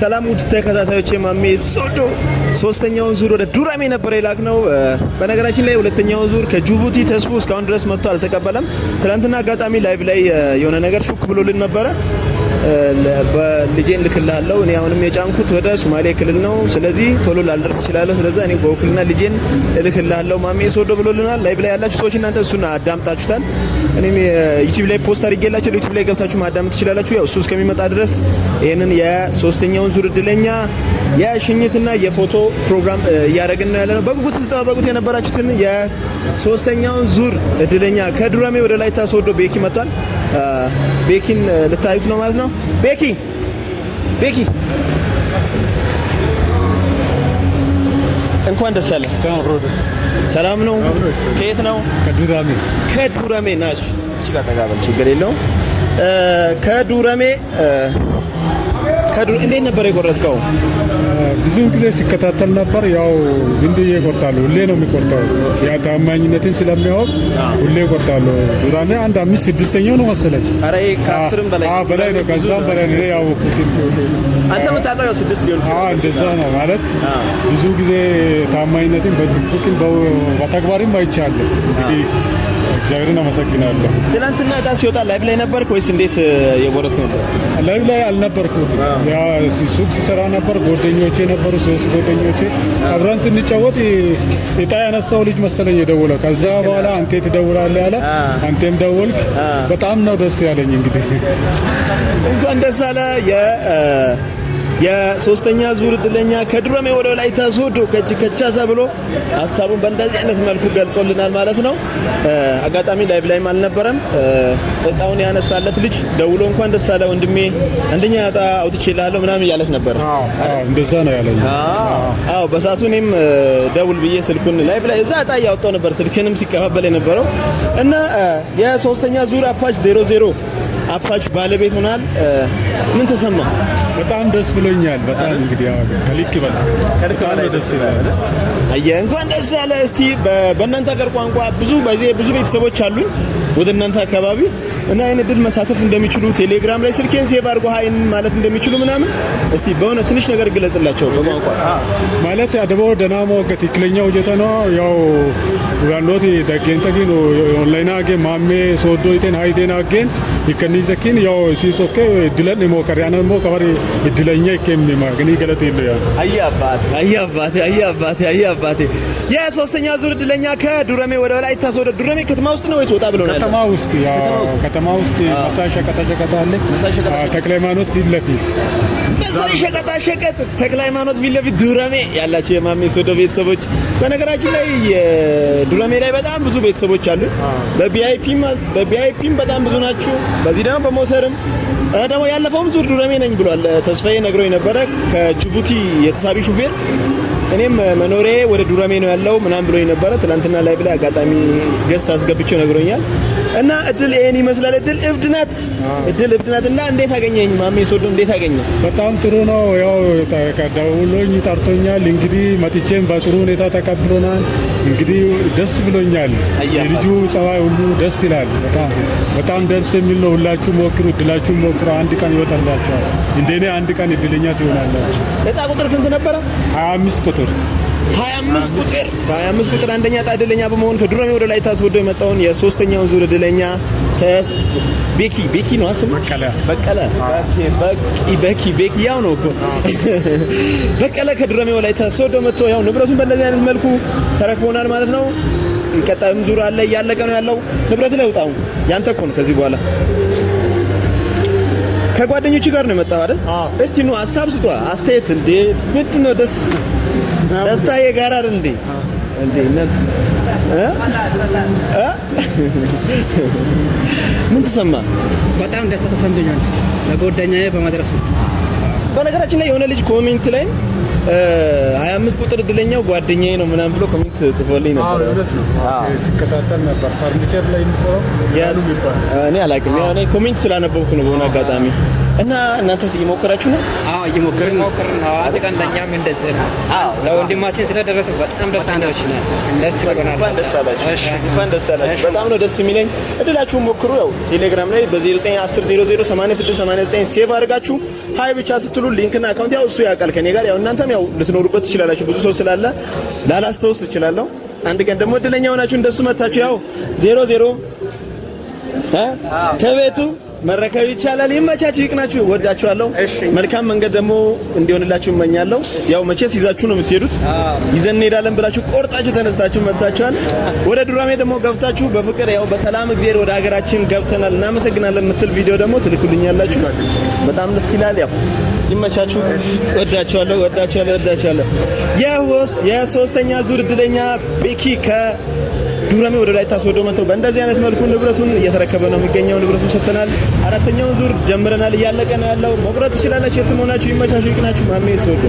ሰላም ውድ ተከታታዮች የማሜ ሶዶ ሶስተኛውን ዙር ወደ ዱራሜ ነበር የላክ ነው። በነገራችን ላይ ሁለተኛውን ዙር ከጅቡቲ ተስፎ እስካሁን ድረስ መጥቶ አልተቀበለም። ትናንትና አጋጣሚ ላይቭ ላይ የሆነ ነገር ሹክ ብሎልን ነበረ። ልጄን ልክልሃለሁ። እኔ አሁንም የጫንኩት ወደ ሶማሌ ክልል ነው። ስለዚህ ቶሎ ላልደርስ እችላለሁ። ስለዚህ እኔ በውክልና ልጄን እልክልሃለሁ። ማሜ ሶዶ ብሎልናል። ላይቭ ላይ ያላችሁ ሰዎች እናንተ እሱን አዳምጣችሁታል። እኔም ዩቲዩብ ላይ ፖስት አድርጌላችሁ ዩቲዩብ ላይ ገብታችሁ ማዳመጥ ትችላላችሁ። ያው እሱ እስከሚመጣ ድረስ ይህንን የሶስተኛውን ዙር እድለኛ የሽኝትና የፎቶ ፕሮግራም እያደረግን ነው ያለነው። ነው። በጉጉት ስትጠባበቁት የነበራችሁትን የሶስተኛውን ዙር እድለኛ ከዱራሜ ወደ ላይ ታስወዶ ቤኪ መጥቷል። ቤኪን ልታዩት ነው ማለት ነው። ቤኪ ቤኪ እንኳን ደስ አለ። ሰላም ነው። ከየት ነው? ከዱራሜ ከዱራሜ ናሽ። እዚህ ጋር ተጋበል ችግር የለውም። ከዱራሜ ከዱ እንዴት ነበር የቆረጥከው? ብዙ ጊዜ ሲከታተል ነበር። ያው ዝም ብዬ እቆርጣለሁ። ሁሌ ነው የሚቆርጠው። ያ ታማኝነትን ስለሚያውቅ ሁሌ እቆርጣለሁ። ዱራኔ አንድ አምስት ስድስተኛው ነው መሰለኝ። ኧረ ከአስርም በላይ በላይ ነው፣ ከዛም በላይ ነው ያው እንደዛ ነው ማለት ብዙ ጊዜ ታማኝነትን በትክክል በተግባርም አይቻለሁ እንግዲህ እግዚአብሔርን አመሰግናለሁ። ትናንትና እጣ ሲወጣ ላይቭ ላይ ነበርክ ወይስ እንዴት የቦረት ነበር? ላይቭ ላይ አልነበርኩትም። ያ ሱቅ ሲሰራ ነበር። ጓደኞቼ ነበሩ፣ ሶስት ጓደኞቼ አብረን ስንጫወት እጣ ያነሳው ልጅ መሰለኝ የደወለው። ከዛ በኋላ አንቴ ትደውላለህ አለ፣ አንቴም ደወልክ። በጣም ነው ደስ ያለኝ። እንግዲህ እንኳን ደስ አለ። የሶስተኛ ዙር እድለኛ ከዱረሜ ወደ ወላይታ ሶዶ ከች ከቻሳ ብሎ ሀሳቡን በእንደዚህ አይነት መልኩ ገልጾልናል ማለት ነው። አጋጣሚ ላይቭ ላይም አልነበረም። እጣውን ያነሳለት ልጅ ደውሎ እንኳን ደስ አለ ወንድሜ አንደኛ እጣ አውጥቼልሃለሁ ምናምን እያለት ነበረ። እንደዛ ነው ያለኝ። አዎ በሰዓቱ እኔም ደውል ብዬ ስልኩን ላይቭ ላይ እዛ እጣ እያወጣው ነበር ስልክንም ሲቀባበል የነበረው እና የሶስተኛ ዙር አፓች 00 አፓች ባለቤት ሆናል። ምን ተሰማ? በጣም ደስ ብሎኛል። በጣም እንግዲህ ያው ከልክ ይበላል ከልክ ይበላል ደስ ይላል። አየ እንኳን ደስ ያለ። እስቲ በእናንተ ሀገር ቋንቋ ብዙ ብዙ ቤተሰቦች አሉኝ ወደ እናንተ አካባቢ እና ይህን እድል መሳተፍ እንደሚችሉ ቴሌግራም ላይ ስልኬን ሴቭ አድርጎ ሀይን ማለት እንደሚችሉ ምናምን እስቲ በሆነ ትንሽ ነገር ግለጽላቸው በቋንቋ ማለት አደቦ ደናሞ ትክክለኛ ውጀተ ነው ያው ራንዶት ደጌን ግን ኦንላይን አጌ ማሜ ሶዶ ይቴን ሀይቴን ይከኒ ዘኪን ያው ሲሶኬ እድለን ሞ ከሪያነ ሞ ከበር እድለኛ ይከም ማግኒ ገለት ይለ ያ አያባቴ አያባቴ አያባቴ አያባቴ የሶስተኛ ዙር እድለኛ ከዱረሜ ወደ ወላይታ ሶዶ ዱረሜ ከተማ ውስጥ ነው ወይስ ወጣ ብሎ ነው ከተማ ውስጥ ያ ከተማ ውስጥ መሳይ ሸቀጣ ሸቀጥ አለ። ተክለ ሃይማኖት ፊት ለፊት መሳይ ሸቀጣ ሸቀጥ ተክለ ሃይማኖት ፊት ለፊት ዱረሜ ያላቸው የማሜ ሶዶ ቤተሰቦች፣ በነገራችን ላይ ዱረሜ ላይ በጣም ብዙ ቤተሰቦች አሉ። በቪአይፒም በጣም ብዙ ናችሁ። በዚህ ደግሞ በሞተርም ደግሞ ያለፈውም ዙር ዱረሜ ነኝ ብሏል ተስፋዬ ነግሮኝ ነበረ ከጅቡቲ የተሳቢ ሹፌር እኔም መኖሬ ወደ ዱራሜ ነው ያለው ምናም ብሎኝ ነበረ። ትናንትና ላይ ብላ አጋጣሚ ገስት አስገብቼው ነግሮኛል። እና እድል ይሄን ይመስላል። እድል እብድ ናት፣ እድል እብድ ናት። እና እንዴት አገኘኝ ማሜ ሶዶ እንዴት አገኘ? በጣም ጥሩ ነው። ያው ደውሎኝ ጠርቶኛል። እንግዲህ መጥቼም በጥሩ ሁኔታ ተቀብሎናል። እንግዲህ ደስ ብሎኛል። የልጁ ጸባይ ሁሉ ደስ ይላል። በጣም በጣም ደስ የሚል ነው። ሁላችሁ ሞክሩ፣ እድላችሁ ሞክሩ። አንድ ቀን ይወጣላችኋል። እንደኔ አንድ ቀን እድለኛ ትሆናላችሁ። እጣ ቁጥር ስንት ነበረ? 25 ቁጥር 25 ቁጥር 25 ቁጥር አንደኛ እጣ እድለኛ በመሆን ከዱራሜ ወደ ላይ ታስወዶ የመጣውን የሶስተኛውን ዙር እድለኛ ቤኪ ቤኪ ነው አስሙ በቀለ በቀለ በቂ በቂ ቤኪ ያው ነው እኮ በቀለ ከዱራሜ ወደ ላይ ታስወዶ መጥቶ ያው ንብረቱን በእንደዚህ አይነት መልኩ ተረክቦናል ማለት ነው። ቀጣይም ዙር አለ እያለቀ ነው ያለው። ንብረት ላይ ያንተ እኮ ነው ከዚህ በኋላ ከጓደኞቹ ጋር ነው የመጣው አይደል? እስቲ ኑ ሀሳብ ስጧ፣ አስተያየት። እንዴ ምንድን ነው ደስ ደስታ የጋራ አይደል እንዴ? እንዴ ምን ተሰማ? በጣም ደስታ ተሰምቶኛል በጓደኛዬ በመድረሱ። በነገራችን ላይ የሆነ ልጅ ኮሜንት ላይ 25 ቁጥር እድለኛው ጓደኛዬ ነው ምናምን ብሎ ኮሜንት ጽፎልኝ ነበር። ሲከታተል ነበር ፈርኒቸር ላይ የሚሰራው እኔ አላውቅም። ያው እኔ ኮሜንት ስላነበብኩ ነው በሆነ አጋጣሚ እና እናንተስ እየሞከራችሁ ነው? አዎ እየሞከርን ነው። አዎ ቀን ለእኛም እንደዚህ ነው። አዎ ለወንድማችን ስለደረሰ በጣም ደስ ብሎናል። ደስ ብሎናል። እንኳን ደስ አላችሁ። እሺ እንኳን ደስ አላችሁ። በጣም ነው ደስ የሚለኝ። እድላችሁን ሞክሩ። ያው ቴሌግራም ላይ በ0910008689 ሴቭ አድርጋችሁ ሀይ ብቻ ስትሉ ሊንክና አካውንት ያው እሱ ያውቃል ከኔ ጋር ያው እናንተም ያው ልትኖሩበት ትችላላችሁ። ብዙ ሰው ስላለ ላላስተውስ እችላለሁ። አንድ ቀን ደግሞ እድለኛ ሆናችሁ እንደሱ መታችሁ ያው ዜሮ ዜሮ ከቤቱ መረከብ ይቻላል። ይመቻችሁ፣ ይቅናችሁ። ወዳችኋለሁ። መልካም መንገድ ደግሞ እንዲሆንላችሁ እመኛለሁ። ያው መቼስ ይዛችሁ ነው የምትሄዱት። ይዘን እንሄዳለን ብላችሁ ቆርጣችሁ ተነስታችሁ መጥታችኋል። ወደ ዱራሜ ደግሞ ገብታችሁ በፍቅር ያው በሰላም እግዚአብሔር ወደ ሀገራችን ገብተናል እናመሰግናለን የምትል ቪዲዮ ደግሞ ትልኩልኛላችሁ። በጣም ደስ ይላል። ያው ይመቻችሁ። ወዳችኋለሁ፣ ወዳችኋለሁ፣ ወዳችኋለሁ። የሶስተኛ ዙር እድለኛ ቤኪ ከ ዱረሜ ወደ ላይ ታስወዶ መጥቶ በእንደዚህ አይነት መልኩ ንብረቱን እየተረከበ ነው የሚገኘው። ንብረቱን ሰጥተናል። አራተኛውን ዙር ጀምረናል። እያለቀ ነው ያለው። መቁረጥ ትችላላችሁ። የትም ሆናችሁ ይመቻችሁ፣ ይቅናችሁ። ማሜ ይስወዱ